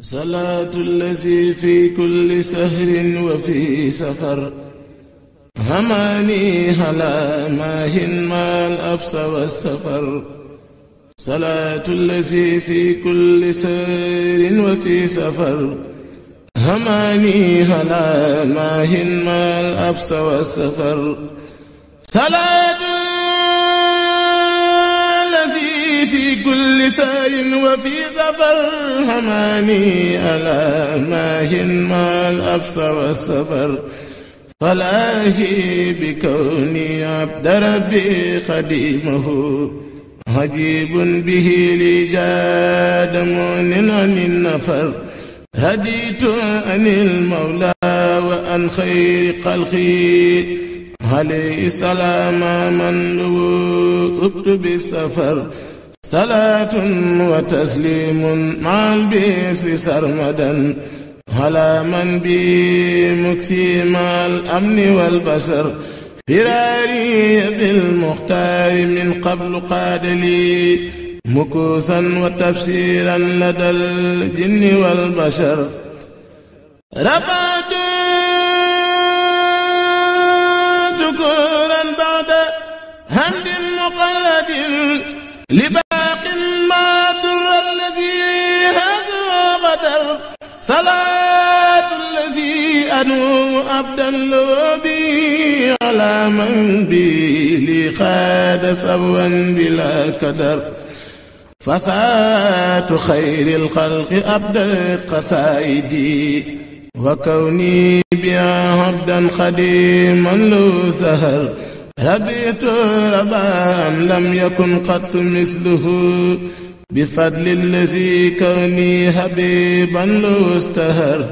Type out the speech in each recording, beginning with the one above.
salaatu lazi fi kulli sahrin wa fi safar hamaani hala maahin maal absa wa safar salaatu lazi fi kulli sahrin wa fi safar hamaani hala maahin maal absa wa safar kulli saarin wa fi safar xamaani ala maahin maal absa wa safar falaahi bi kawni abda rabbi xadimahu ajibun bihi li jaada moonin anin nafar raditu anil mawla wa an xayri xalqi alayhi salaama man luwu ubtu bi safar salaatun wa tasliimun maal biisi sarmadan ala man bi muksimaal amni wal bashar firaari bil muxtaari min qablu qaadali mukuusan wa tafsiiran ladal jinni wal bashar rabaatu sukuuran baada hamdin muqalladin لكن ما در الذي هذا غدر صلاة الذي أنوم أبدا لبي على من بي لي خاد سوا بلا كدر فساة خير الخلق أبدت قصائدي وكوني بها عبدا خديما لو سهر ربيت ربا لم يكن قط مثله بفضل الذي كوني حبيبا لو استهر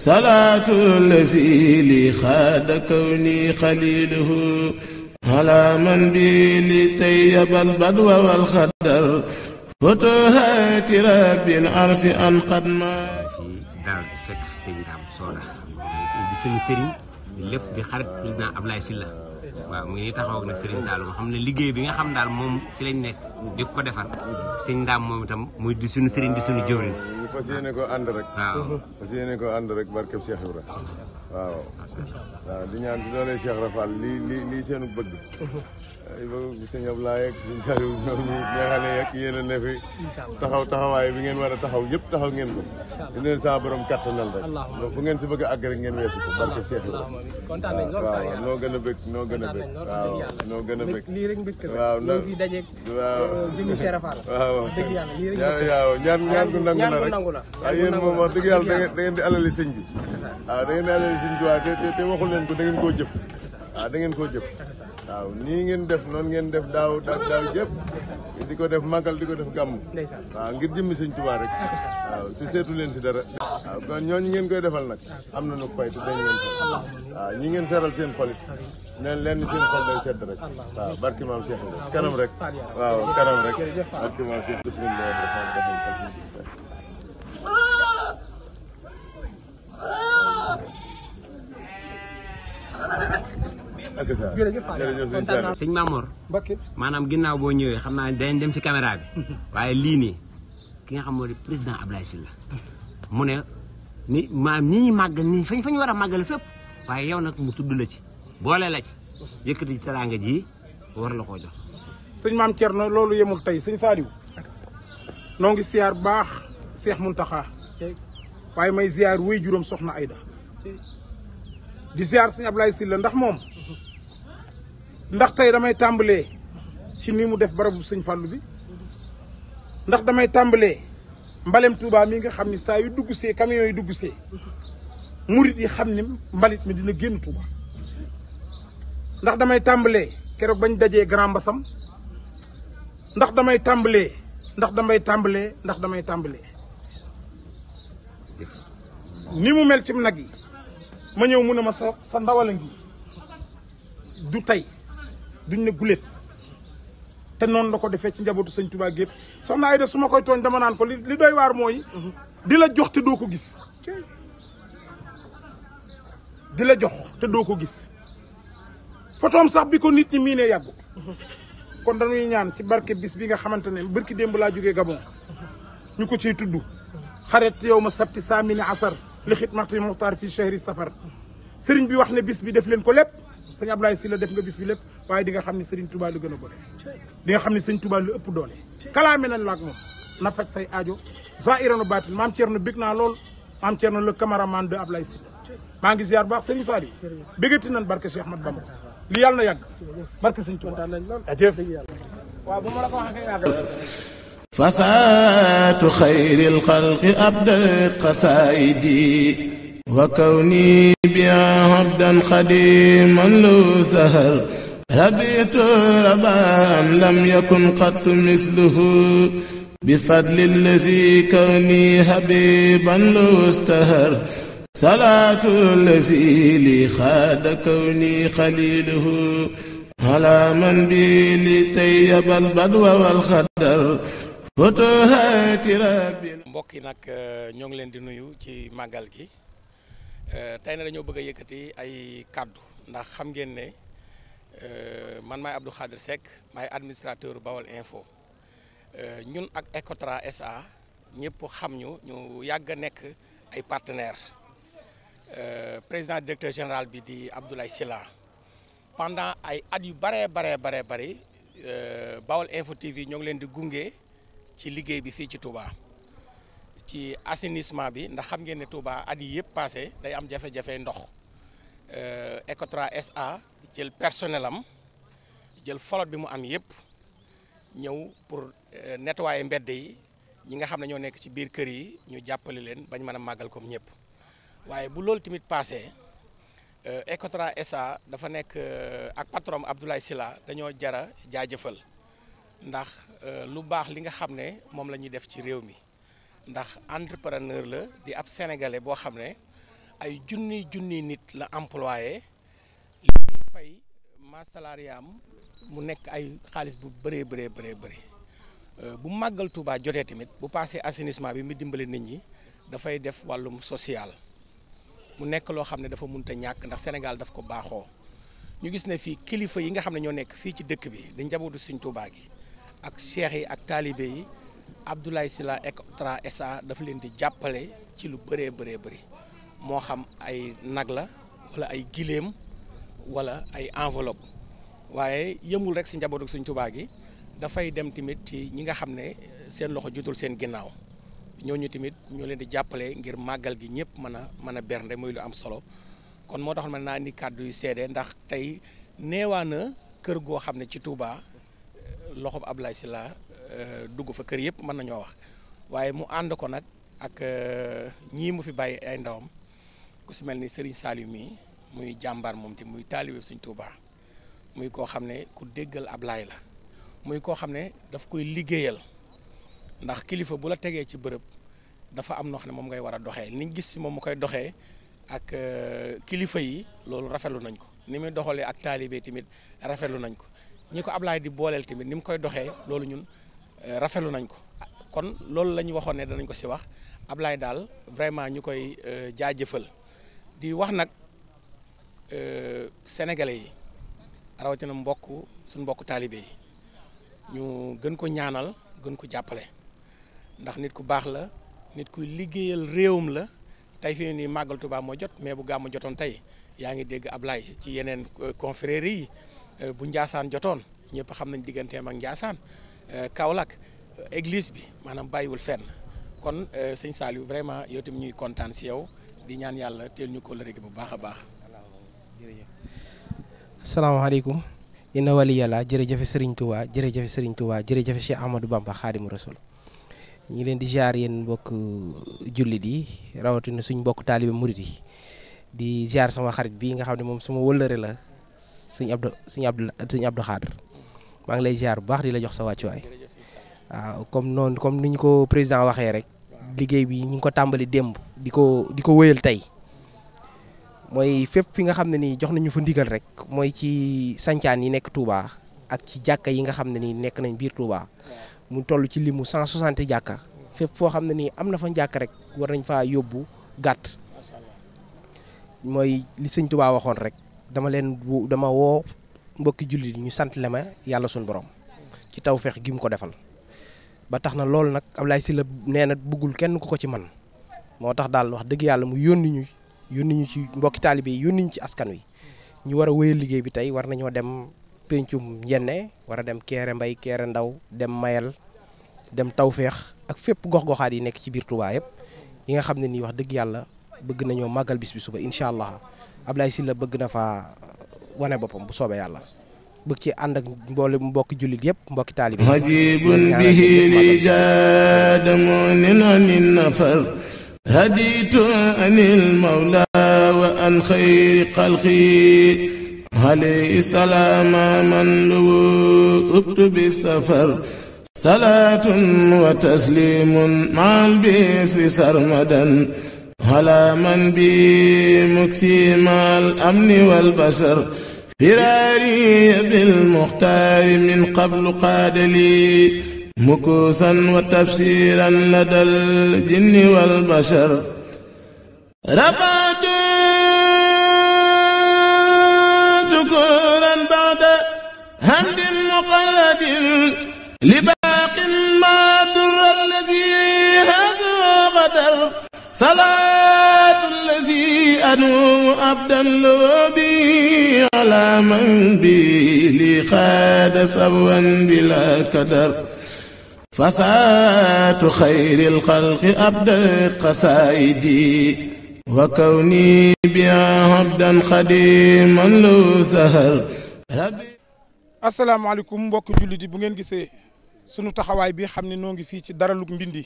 صلاة الذي لي خاد كوني خليله على من بي لطيب البدو والخدر فتوهات رب العرش أن قد ما daal fekk sëñ Dame Soda di sëñ sëriñ lépp di xarit président Ablaye Sylla waaw mu ngi nii taxaw na Serigne Saloum xam ne liggéey bi nga xam daal moom ci lañ nekk di ko defar sëñ ndaam moom itam muy di suñu Serigne di suñu jëwriñ ñu fas yéene ko ànd rek waaw fas yéene ko ànd rek barkeb Cheikh Ibra waaw waaw di ñaan di loolee Cheikh Rafal lii lii lii seenu bëgg sëñ Ablaye ak sëñ Saliou ñoom ñi nga xam ne ak yéen a ne fi taxaw taxawaay bi ngeen war a taxaw yëpp taxaw ngeen ko di leen saa borom kattanal rek fu ngeen si bëgg a àgg rek ngeen weesu ko barke Cheikh waaw noo gën a bëgg noo gën a bëgg waaw noo gën a bëgg lii rek mbégte waaw na fi dajeeg euh, waaw dëgg yàlla lii rek waaw ñaan ñaan gu nangu na rek waaw yéen moom wax dëgg yàlla da ngeen di alali sëñ bi waaw da ngeen di alali sëñ waaw te waxul leen ko da ngeen koo jëf waaw da ngeen koo jëf waaw nii ngeen def noonu ngeen def daaw daaw daaw jëpp di ko def màggal di ko def gàmm waaw ngir jëmmi sëñ Tuubaa rek waaw te seetu leen si dara waaw kon ñooñu ngeen koy defal nag am na nu pay te dañ ngeen ñi ngeen seeral seen xolit neen leen seen xol day sedd rek waaw barki maam Cheikh kanam rek waaw kanam rek barki maam Cheikh bismillah ak saa jërëjëf jërëjëf sëñ Mamor maanaam ginnaaw boo ñëwee xam naa dañ dem ci caméra waaye lii nii ki nga xam moo di président Abdoulaye Sylla mu ne ni maam ñi ñuy ni fañ fañ war a màggale fépp waaye yow nag mu tudd la ci boole la ci di teraanga ji war la koo jox sëñ maam Thierno loolu yemul tey sëñ Saliou noo ngi siyaar baax Cheikh taxa waaye may ziar wéy juróom soxna Aida di ziar sëñ Abdoulaye Sylla ndax moom ndax tey damay tàmbalee ci ni mu def barabu sëñ fàllu bi ndax damay tàmbalee mbalem Touba mi nga xam ni saa yu dugg see camion yi dugg see murit yi xam ni mbalit mi dina génn Touba ndax damay tàmbalee keroog bañ dajee Grand Mbassam ndax damay tàmbalee ndax damay tàmbalee ndax damay tàmbalee ni mu mel ci nag yi ma ñëw mu ne ma sa sa ndawal a ngi du tey duñ ne guléet te noonu la ko defee ci njabootu sañ Tuubaa gépp soxna Ayda su ma koy tooñ dama naan ko li doy waar mooy di la jox te doo ko gis di la jox te doo ko gis fotoom sax bi ko nit ñi miinee yàggu kon dañuy ñaan ci barke bis bi nga xamante ne barki démb laa jógee Gabon ñu ko ciy tudd xaret yow ma sabti saa mini asar li ma maxti muxtaar fii chahri safar sëriñ bi wax ne bis bi def leen ko lépp sañ Ablaye Sylla def nga bis bi lépp waaye di nga xam ne Serigne Touba lu gën a gore di xam ne sëñ Touba ëpp doole kalaame nañ la ak moom na faj say aajo zaahiranu baatin maam Thierno bég naa lool maam Thierno le cameraman de Ablaye Sylla maa ngi ziar baax Serigne Saliou bégati nañ barke Cheikh Ahmad Bamba li yàlla na yàgg barke sëñ Touba ajëf waaw bu ma la ko waxee yàgg fasaatu xayril xalqi abdat qasaidi wa kawni bi abdan xadiman lu sahar rabitu rabaan lam yakun qattu misluhu bi fadli lazi kawni habiban lu stahar salaatu lazi li xaada kawni xaliluhu ala man bi li tayyabal badwa wal xadar foto haati rabbi mbokk yi nag euh, ñoo ngi leen di nuyu ci màggal gi Euh, tey na dañoo bëgg a yëkkati ay kàddu ndax xam ngeen ne euh, man maay Abdou Khadre Seck maay administrateur Bawal Info euh, ñun ak Ecotra SA ñëpp xam ñu ñu yàgg a nekk ay partenaires président directeur général bi di Abdoulaye Sylla pendant ay at yu baree baree baree bëri Bawal Info TV ñoo ngi leen di gunge ci liggéey bi fii ci Touba. ci assainissement bi ndax xam ngeen ne Touba at yi yëpp passé day am jafe-jafe ndox euh, Ecotra SA jël personnel am jël flotte bi mu am yëpp ñëw pour euh, nettoyer mbedd yi ñi nga xam ne ñoo nekk ci biir kër yi ñu jàppale leen bañ mën a màggal comme ñëpp waaye bu loolu tamit passé euh, Ecotra SA dafa nekk ak patron Abdoulaye Sylla dañoo jara jaajëfal ndax lu baax li nga xam ne moom la ñuy def ci réew mi ndax entrepreneur la di ab sénégalais boo xam ne ay junni junni nit la employé li muy fay masse mu nekk ay xaalis bu bëree bëree bëree bëri euh, bu màggal Touba jotee tamit bu passé assainissement bi mu dimbale nit ñi dafay def wàllum social mu nekk loo xam ne dafa munta ñàkk ndax Sénégal daf ko baaxoo ñu gis ne fii kilifa yi nga xam ne ñoo nekk fii ci dëkk bi di njabootu Sëriñ Touba gi ak cheikh yi ak taalibe yi Abdoulaye Sylla Ecotra SA dafa leen di jàppale ci lu bëree bëree bari moo xam ay nag la wala ay gileem wala ay enveloppe waaye yëmul rek si njabootu suñ tubaa gi dafay dem tamit ci ñi nga xam ne seen loxo jotul seen ginnaaw ñooñu tamit ñoo leen di jàppale ngir màggal gi ñëpp mën a mën a bernde muy lu am solo kon moo tax man naa ni kàddu yu seede ndax tey neewaan kër goo xam ne ci Touba loxob Abdoulaye Sylla Euh, dugg fa kër yëpp mën nañoo wax waaye mu ànd ko nag ak euh, ñii mu fi bàyyi ay ndawam ku si mel ni Serigne Saliou mii muy jàmbaar moom ti muy taalibe Serigne Touba muy koo xam ne ku déggal Ablaye la muy koo xam ne daf koy liggéeyal ndax kilifa bu la tegee ci bërëb dafa am noo xam ne moom ngay war a doxee niñ gis si moom mu koy doxee ak euh, kilifa yi loolu rafetlu nañ ko ni muy doxalee ak taalibe tamit rafetlu nañ ko ñi ko Ablaye di booleel tamit ni mu koy doxee loolu ñun. Euh, rafetlu nañ ko ah, kon loolu la ñu waxoon ne danañ ko si wax Ablaye daal vraiment ñu koy euh, jaajëfal di wax nag euh, sénégalais yi rawatina mbokk suñ mbokk taalibe yi ñu gën ko ñaanal gën ko jàppale ndax nit ku baax la nit kuy liggéeyal réewum la tey fi ni màggal Tuubaa moo jot mais bu gàmm jotoon tey yaa ngi dégg Ablaye ci yeneen confrérie yi bu Njaasaan jotoon ñëpp xam nañ digganteem ak Njaasaan Euh, Kaolack euh, église bi maanaam bàyyiwul fenn kon euh, sëñ Saliou vraiment yow tamit ñuy kontaan si yow di ñaan yàlla teel ñu ko léegi bu baax a baax. asalaamaaleykum. inna wali yàlla jërëjëf Serigne Touba jërëjëf Serigne Touba jërëjëf Cheikh Ahmadou Bamba Xaadimu Rasul ñu ngi leen di ziar yéen mbokk jullit yi rawatina suñ mbokk taalibe murit di di ziar sama xarit bi nga xam ne moom suma wëllëre la suñ Abdou sëñ Abdou Xaadir maa ngi lay ziar bu baax di la jox sa wàccuwaay waaw comme noonu comme ni ñu ko président waxee rek liggéey bi ñu ngi ko tàmbali démb di ko di ko wéyal tey mooy fépp fi nga xam ne nii jox nañu fa ndigal rek mooy ci sancaan yi nekk Touba ak ci jàkka yi nga xam ne nii nekk nañ biir Touba mu toll ci limu 160 jàkka fépp foo xam ne nii am na fa jàkka rek war nañ fa yóbbu gàtt mooy li sëñ Touba waxoon rek dama leen dama woo mbokki jullit yi ñu sant leme yàlla suñu borom ci tawfeex gi mu ko defal ba tax na loolu nag Ablaye Sylla nee na bëggul kenn ku ko ci man moo tax daal wax dëgg yàlla mu yónni ñu yónni ñu ci mbokki taalibe yi yónni ñu ci askan wi ñu war a liggéey bi tey war nañoo dem pencum njenne war a dem keere mbay keere ndaw dem mayal dem tawfeex ak fépp gox-goxaat yi nekk ci biir yi nga xam ne nii wax dëgg yàlla bëgg nañoo màggal bis bi suba incha allah Ablaye Sylla bëgg na fa wane boppam bu soobee yàlla bëgg ci ànd ak mboole mbokki jullit yëpp mbokki taalibe ajibun bihi rijada munina min nafar haditu anil mawla wa an xayri xalqi alayhi salaama man luwu ubtu bi safar salaatun wa tasliimun maal bisri sarmadan ala man bi mukti maal amni wal bashar firaari bilmuxtaari min qablu qaadali mukuusan wa tafsiiran ladal jinni wal bashar rabaatu kuran baada hamdin muqalladin li baaqin ma durra alladi hadu qadar salaatu alladi anumu abdan loo bi على من بي لي خاد سبوا بلا كدر فساة خير الخلق أبدت قصائدي وكوني بها عبدا خديما لو سهر asalaamaaleykum mbokk jullit yi bu ngeen gisee sunu taxawaay bi xam ne noo ngi fii ci Daralug Mbindi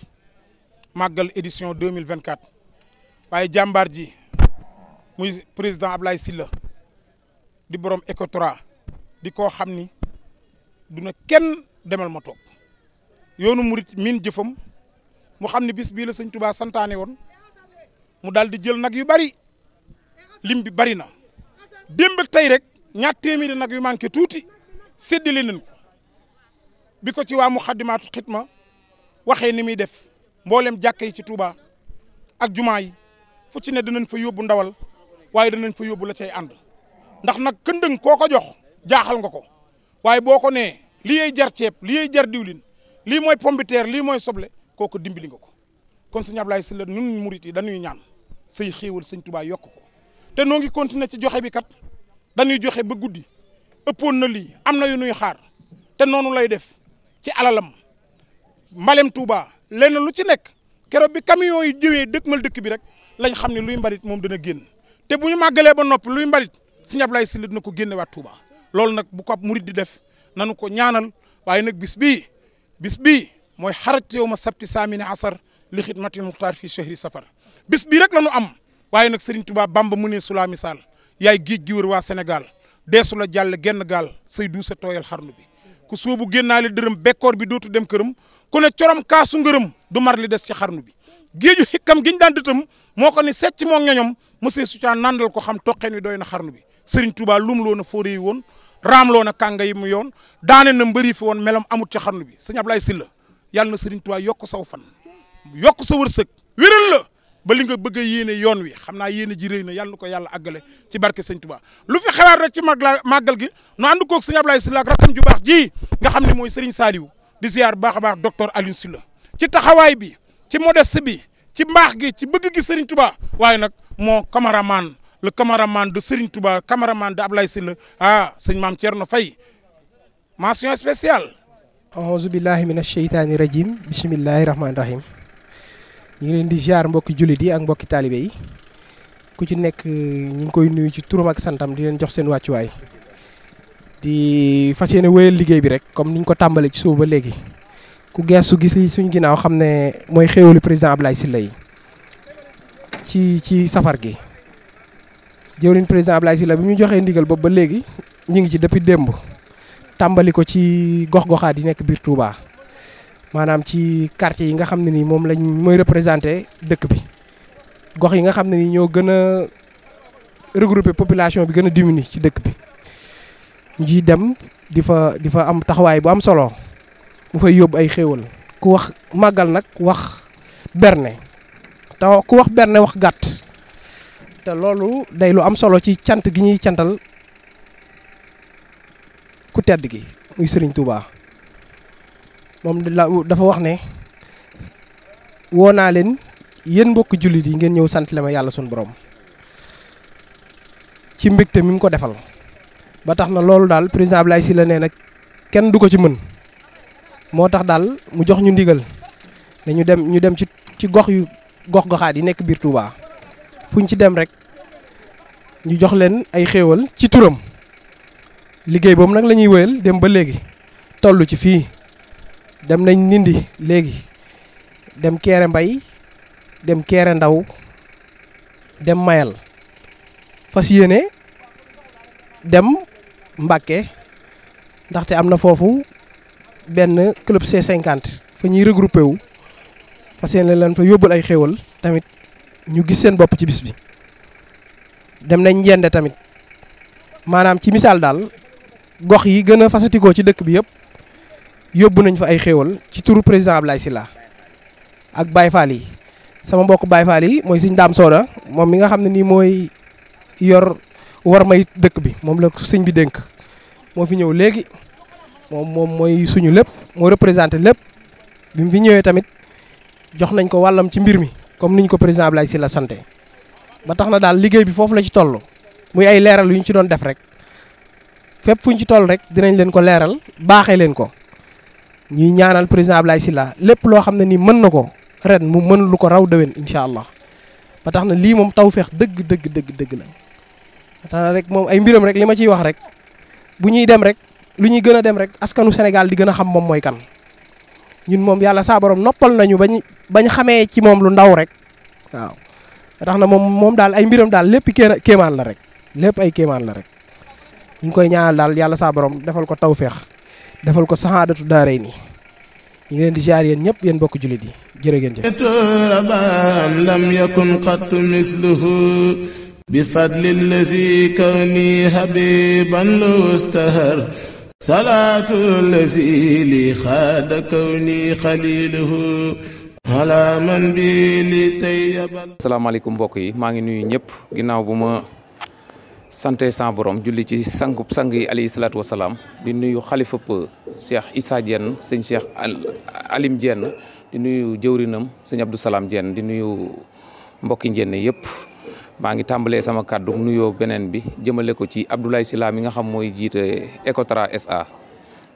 màggal édition 2024 waaye jàmbaar ji muy président Ablaye Sylla di borom Ecotra di koo xam ni duna kenn demal ma toog yoonu murit min jëfam mu xam ni bis bii la sëñ santaane woon mu daal di jël nag yu bari lim bi bari na démb tey rek ñaar téeméeri nag yu manqué tuuti séddale nañ ko bi ko ci waa mu xaddimaatu xitma waxee ni muy def mboolem jàkka yi ci Touba ak jumaa yi fu ci ne danañ fa yóbbu ndawal waaye danañ fa yóbbu la cay ànd. ndax nag këndëng koo ko jox jaaxal nga ko waaye boo ko nee lii jar ceeb lii jar diwlin lii mooy pombiteer lii mooy soble kooku dimbali nga ko kon sëñ si Sylla nun murit yi dañuy ñaan say xéewal sëñ Tuubaa yokk ko te noo ngi continuer ci joxe bi kat dañuy joxe ba guddi ëppoon na lii am na yu nuy xaar te noonu lay def ci alalam mbalem tuuba lenn lu ci nekk keroog bi kam yooyu jëwee mal dëkk bi rek lañ xam ne luy mbalit moom dana génn te bu ñu màggalee ba noppi luy mbalit Serigne Abdoulaye Sylla dina ko génnewaat Touba loolu nag bu ko ab murid di def nanu ko ñaanal waaye nag bis bii bis bii mooy xarat yow ma sabti saamini asar li xidmati muxtaar fii chahri safar bis bii rek la nu am waaye nag sëriñ Touba Bamba mu ne sulaa misaal yaay géej gi waa Sénégal deesu la jàll genn gaal say du sa tooyal xarnu bi ku soobu génnaale dërëm bekkoor bi dootu dem këram ku ne corom kaasu ngërëm du mar li des ci xarnu bi géeju xikkam giñ daan dëtam moo ko ni secc moo ñoñom monsieur Souta nandal ko xam toqeen wi doy na xarnu bi Serigne Touba lumloo na fóore yi woon raamloo na kànga yi mu yoon daane na mbëri fi woon melam amut ci xarnu bi sëñ Ablaye Sylla yal na seriñ Touba yokk saw fan yokk sa wërsëg wéral la ba li nga bëgg a yoon wi xam naa yéene ji rëy na yàlla na ko yàlla àggale ci barke Sëñ Touba lu fi xewaat rek ci magla màggal gi nu ànd koog sëñ Ablaye Sylla ak rakam ju baax ji nga xam ne mooy Serigne Saliou di ziar baax a baax docteur Alioune Sylla ci taxawaay bi ci modeste bi ci mbaax gi ci bëgg gi Serigne Touba waaye nag moo cameraman le cameraman de Serigne Touba cameraman de Ablaye Sylla ah sëñ maam Thierno Faye mention spéciale aouzu billahi min asheytaani rajim bisimillahi rahmaani rahim ñu ngi leen di ziar mbokki jullit yi ak mbokki taalibe yi ku ci nekk euh, ñu ngi koy nuyu ci turam ak santam di leen jox seen wàccuwaay di fas yéene wéyal liggéey bi rek comme niñ ko tàmbalee ci suba ba léegi ku geestu gis li suñ ginnaaw xam ne mooy xéewalu président Ablaye Sylla yi ci ci safar gi jëwriñ président Abdoulaye Sylla bi mu joxee ndigal boobu ba léegi ñu ngi ci depuis démb tàmbali ko ci gox-goxaat yi nekk biir Touba maanaam ci quartier yi nga xam ne nii moom lañ mooy représenter dëkk bi gox yi nga xam ne nii ñoo gën a regroupé population bi gën a diminué ci dëkk bi ñu dem di fa di fa am taxawaay bu am solo mu fay yóbbu ay xéewal ku wax màggal nag wax berne te ku wax berne wax gàtt loolu day lu am solo ci cant gi ñuy cantal ku tedd gi muy Serigne Touba moom la dafa wax ne woo naa leen yéen mbokk jullit yi ngeen ñëw sant ma yàlla suñu boroom ci mbégte mi mu ko defal ba tax na loolu daal président si la nee nag kenn du ko ci mën moo tax daal mu jox ñu ndigal dañu dem ñu dem ci ci gox yu gox goxaat yi nekk biir Touba. fuñ ci dem rek ñu jox leen ay xéewal ci turam liggéey boobu nag la ñuy wéyal dem ba léegi tollu ci fii dem nañ nindi léegi dem Kéré Mbay dem Kéré Ndaw dem Mayal fas yéene dem Mbàkke ndaxte am na foofu benn club c fa ñuy regroupé wu fas yéene lan fa yóbbul ay xéewal tamit ñu gis seen bopp ci bis bi dem nañ njende tamit maanaam ci misaal daal gox yi gën a fasatikoo ci dëkk bi yëpp yóbbu nañ fa ay xéewal ci turu président Ablaye Sylla ak Baye Fall yi sama mbokk Baye Fall yi mooy sëñ Daam Sooda moom mi nga xam ne nii mooy yor war may dëkk bi moom la sëñ bi dénk moo fi ñëw léegi moom moom mooy suñu lépp moo représenté lépp bi mu fi ñëwee tamit jox nañ ko wàllam ci mbir mi comme ni ñu ko président Abdoulaye Sylla santé ba tax na daal liggéey bi foofu la ci toll muy ay leeral lu ñu ci doon def rek fépp fu ñu ci toll rek dinañ leen ko leeral baaxee leen ko ñuy ñaanal président Abdoulaye Sylla lépp loo xam ne nii mën na ko ren mu mën lu ko raw déwén incha allah ba tax na lii moom taw feex dëgg dëgg dëgg la ba tax na rek moom ay mbiram rek li ma ciy wax rek bu ñuy dem rek lu ñuy gën a dem rek askanu Sénégal di gën a xam moom mooy kan. ñun moom yàlla saa noppal nañu bañ bañ xamee ci moom lu ndaw rek waaw tax na moom moom daal ay mbiram daal lépp kéemaan la rek lépp ay kéemaan la rek ñu koy ñaanal daal yàlla saa defal ko tawféex defal ko saxaadatu daaray nii ñu leen di jaar yéen ñëpp yéen bokk jullit yi jërë ngeen jëf salaatu lazi li xaada kawni xaliluhu ala man li tey yabal asalaamaaleykum mbokk yi maa ngi nuyu ñëpp ginnaaw bu ma sante san borom julli ci sangub sang yi alayhi salaatu wasalaam di nuyu xalifa pë Issa Diène sëñ Cheikh Alim Diène di nuyu jëwrinam sëñ Abdou Salaam Diène di nuyu mbokki Diène yépp maa ngi tàmbalee sama kàddu nuyo beneen bi jëmale ko ci Abdoulaye Sylla mi nga xam mooy jiite Ecotra SA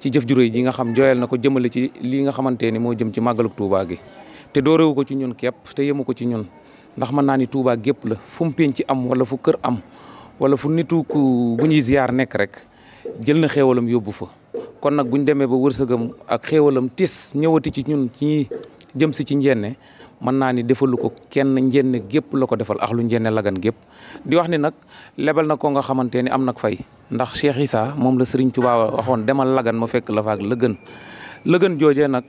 ci jëf ju réy ji nga xam jooyal na ko jëmale ci lii nga xamante ni moo jëm ci màggalug Touba gi te doorewu ko ci ñun képp te yemu ko ci ñun ndax mën naa ni Touba gépp la fu mu penc am wala fu kër am wala fu nitu ku bu ñuy ziar nekk rek jël na xéewalam yóbbu fa kon nag buñ demee ba wërsëgam ak xéewalam tis ñëwati ci ñun ci jëm si ci njeene mën naa ni defalu ko kenn njenne gépp la ko defal ax lu njenne lagan gépp di wax ni nag lebal na ko nga xamante ni am nag fay ndax Cheikh Issa moom la Serigne Touba waxoon demal lagan ma fekk la faak lëgën lëgën joojee nag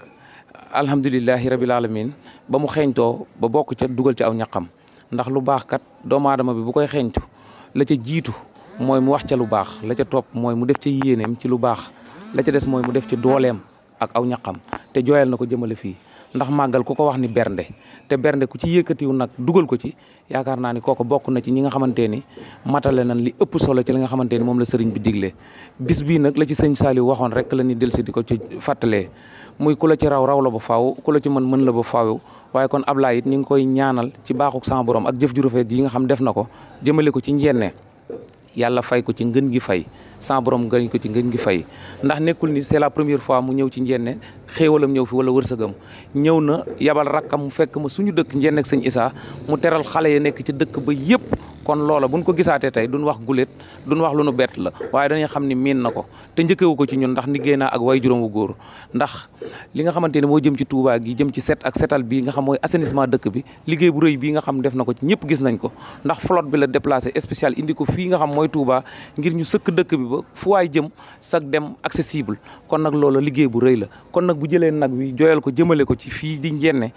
alhamdulilahi rabil alamin ba mu xeeñtoo ba bokk ca dugal ci aw ñaqam ndax lu baax kat doomu aadama bi bu koy xeeñtu la ca jiitu mooy mu wax ca lu baax la ca toop mooy mu def ca yéeneem ci lu baax la ca des mooy mu def ci dooleem ak aw ñaqam te jooyal na ko jëmale fii ndax màggal ku ko wax ni bernde te bernde ku ci yëkkatiwu nag dugal ko ci yaakaar naa ni kooku bokk na ci ñi nga xamante ni matale nañ li ëpp solo ci li nga xamante ni moom la sëriñ bi digle bis bii nag la ci sëñ Saliou waxoon rek la ñuy dellusi di ko ci fàttalee muy ku la ci raw raw la ba faaw ku la ci mën mën la ba faaw waaye kon Ablaye it ñu ngi koy ñaanal ci baaxuk sama borom ak jëf ju rafet yi nga xam def na ko jëmale ko ci njenne yàlla fay ko ci ngën gi fay sans borom ngañ ko ci ngëñ ngi fay ndax nekkul ni c'est la première fois mu ñëw ci njenne xéewalam ñëw fi wala wërsëgam ñëw na yabal rakkam mu fekk ma suñu dëkk njenne ak sëñ Issa mu teral xale yi nekk ci dëkk ba yëpp kon loola nu ko gisaatee tey duñ wax guléet duñ wax lu nu bett la waaye dañuy xam ni miin na ko te njëkkewu ko ci ñun ndax liggéey naa ak way juróom wu góor ndax li nga xamante ne moo jëm ci tuubaa gi jëm ci set ak setal bi nga xam mooy assainissement dëkk bi liggéey bu rëy bi nga xam def na ko ci ñëpp gis nañ ko ndax flotte bi la déplacé spécial indi ko fii nga xam mooy Touba ngir ñu sëkk dëkk bi ba fu waay jëm sag dem accessible kon nag loola liggéey bu rëy la kon nag bu jëlee nag wi joyal ko jëmale ko ci fii di njenne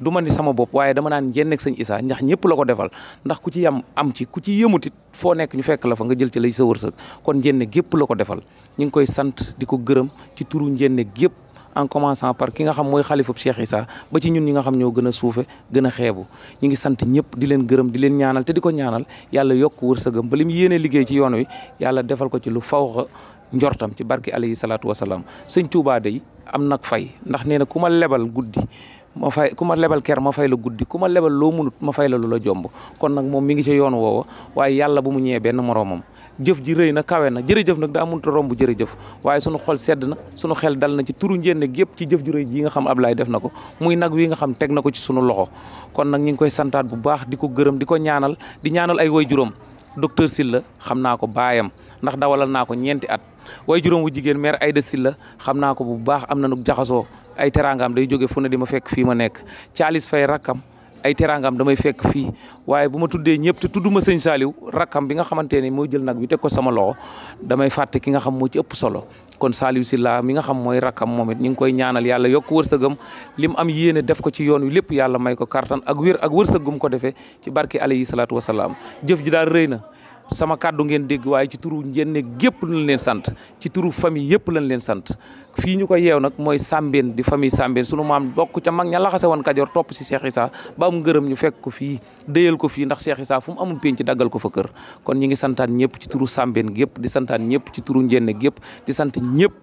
du ma ni sama bopp waaye dama naan yenn ak sëñ Issa ndax ñëpp la ko defal ndax ku ci yam am ci ku ci yemutit foo nekk ñu fekk la fa nga jël ci lay sa wërsëg kon njenne gépp la ko defal ñu ngi koy sant di ko gërëm ci turu njenne gépp en commençant par ki nga xam mooy xalifab Cheikh Issa ba ci ñun ñi nga xam ñoo gën a suufe gën a xeebu ñu ngi sant ñëpp di leen gërëm di leen ñaanal te di ko ñaanal yàlla yokk wërsëgam ba li mu yéene liggéey ci yoon wi yàlla defal ko ci lu fawxa njortam ci barki alayhi salaatu wasalaam sëñ Tuubaa day am nag fay ndax nee na ku ma lebal guddi ma fay ku ma lebal ker ma fay la guddi ku ma lebal loo munut ma fay la lu jomb kon nag moom mi ngi ca yoon woowa waaye yàlla bu mu ñëwee benn moroomam jëf ji rëy na kawe na jërëjëf nag daa munta romb jërëjëf waaye sunu xol sedd na sunu xel dal na ci turu njénne gépp ci jëf ju rëy ji nga xam Ablaye def na ko muy nag wi nga xam teg na ko ci sunu loxo kon nag ñu ngi koy santaat bu baax di ko gërëm di ko ñaanal di ñaanal ay way juróom docteur Sylla xam naa ko baayam ndax dawalal naa ko ñeenti at way juróom wu jigéen mère Aïda Sylla xam naa ko bu baax am na nu jaxasoo ay teraangaam day jóge fu di ma fekk fii ma nekk Thialis Faye rakkam ay teraangaam damay fekk fii waaye bu ma tuddee ñëpp tuddu ma sëñ saaliw rakkam bi nga xamante ne mooy jël nag wi teg ko sama loxo damay fàtte ki nga xam moo ci ëpp solo kon Saliou Sylla mi nga xam mooy rakkam moom it ñu ngi koy ñaanal yàlla yokk wërsëgam lim am yéene def ko ci yoon wi lépp yàlla may ko kartan ak wér ak wërsëgum ko defee ci barke alayhi salaatu wasalaam jëf ji daal rëy na sama kàddu ngeen dégg waaye ci turu ngeen ne gépp lañ leen sant ci turu famille yëpp lañ leen sant fii ñu ko yeew nag mooy sàmbeen di famille sàmbeen sunu maam bokk ca mag laxase woon kajoor topp si Cheikh Issa ngërëm ñu fekk ko fii déyal ko fii ndax Cheikh Issa fu mu amul penc daggal ko fa kër kon ñi ngi santaan ñëpp ci turu sàmbeen gépp di santaan ñëpp ci turu njenne gépp di sant ñëpp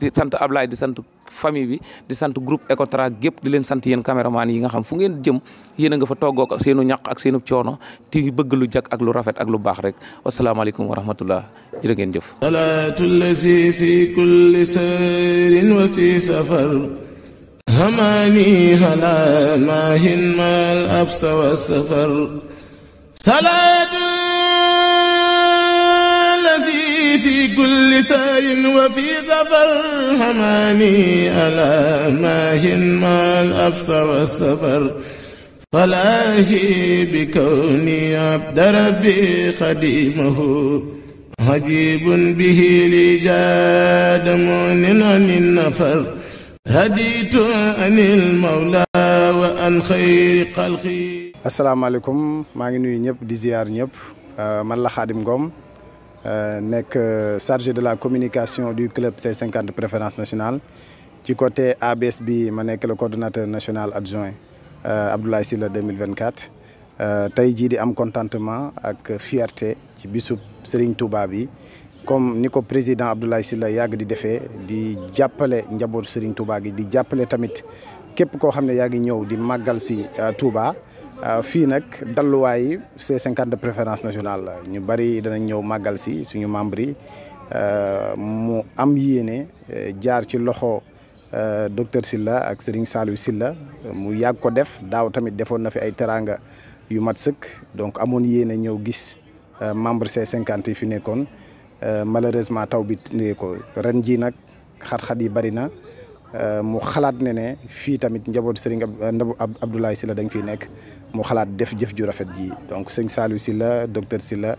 di sant Ablaye di sant famille bi di sant groupe Ecotra gépp di leen sant yéen caméraman yi nga xam fu ngeen jëm yéen a nga fa toggook ak seenu ñaq ak seenu coono ti bëgg lu jak ak lu rafet ak lu baax rek wasalaamaaleykum wa rahmatullah jërë ngeen jëf سير وفي سفر هماني هلا ماهن ما الأبس والسفر صلاة الذي في كل سير وفي سفر هماني ألا ماهن ما الأبس والسفر فلاهي بكوني عبد ربي خديمه عجيب به لي جاد مؤمنا النفر هديت عن المولى وعن خير خلقي asalaamaaleykum maa ngi nuyu ñëpp di ziar ñëpp euh, man la Khadim Ngom euh, nekk euh, chargé de la communication du club C50 préférence nationale ci côté ABS bi ma nekk le coordonnateur national adjoint Abdoulaye Sylla 2024 Euh, tey jii di am contentement ak fierté ci bisub Serigne Touba bi comme ni ko président Abdoulaye Sylla yàgg di defee di jàppale njaboot Serigne Touba gi di jàppale tamit képp koo xam ne yaa ngi ñëw di màggal si euh, Touba. Euh, fii nag dalluwaay c cinquante de préférence nationale la ñu bari danañ ñëw màggal si suñu membre yi mu am yéene jaar ci loxo. docteur Sylla ak Serigne Saliou Sylla mu yàgg ko def daaw tamit defoon na fi ay teraanga yu mat sëkk donc amoon yéene ñëw gis euh, membre C50 yi fi nekkoon euh, malheureusement taw bi tëndee ko ren jii nag xat-xat yi bari na euh, mu xalaat ne ne fii tamit njaboot Serigne Abdoulaye Sylla dañ fi nekk mu xalaat def jëf ju rafet ji donc sëñ Saliou Sylla docteur Sylla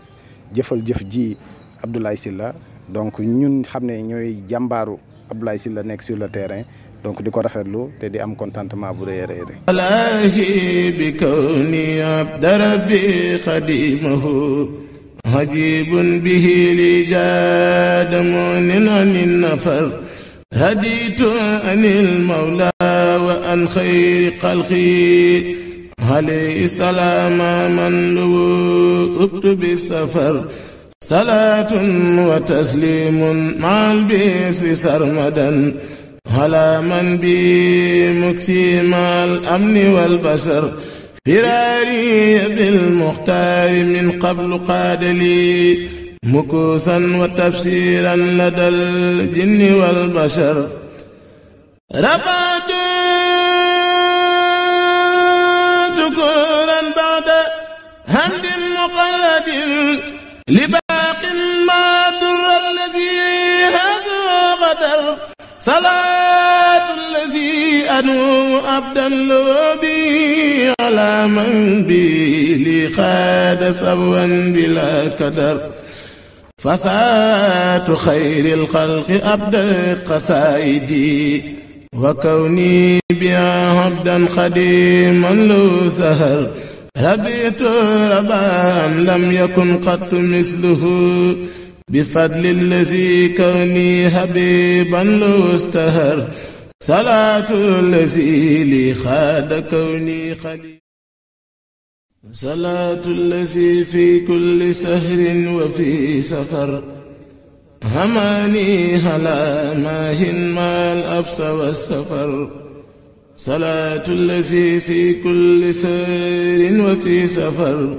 jëfal jëf ji Abdoulaye Sylla donc ñun xam ne ñooy jàmbaaru Abdoulaye Sylla nekk sur le terrain donc di ko rafetlu te di am contentement bu rëy a rëy alaahi bi kawni abda rabbi xadimahu hajibun bihi li jaada munin anil nafar haditu anil mawla wa an xayri xalqi عليه سلام من لوؤت بالسفر صلاة وتسليم مع البيس سرمدا على من بي مكسيم الأمن والبشر فراري بالمختار من قبل قاد لي مكوسا وتفسيرا لدى الجن والبشر رقد شكورا بعد هند مقلد salaatu lazi anu abdan lobi ala man bi li xaada sawan bila kadar fasaatu xayril xalqi abdat qasaayidi wa kawni bi abdan xadiman lu sahar rabitu rabaan lam yakun qattu misluhu بفضل الذي كوني حبيبا لو استهر صلاة الذي لي خاد كوني خليل صلاة الذي في كل سهر وفي سفر هماني هلا ماهن ما الأبس والسفر صلاة الذي في كل سهر وفي سفر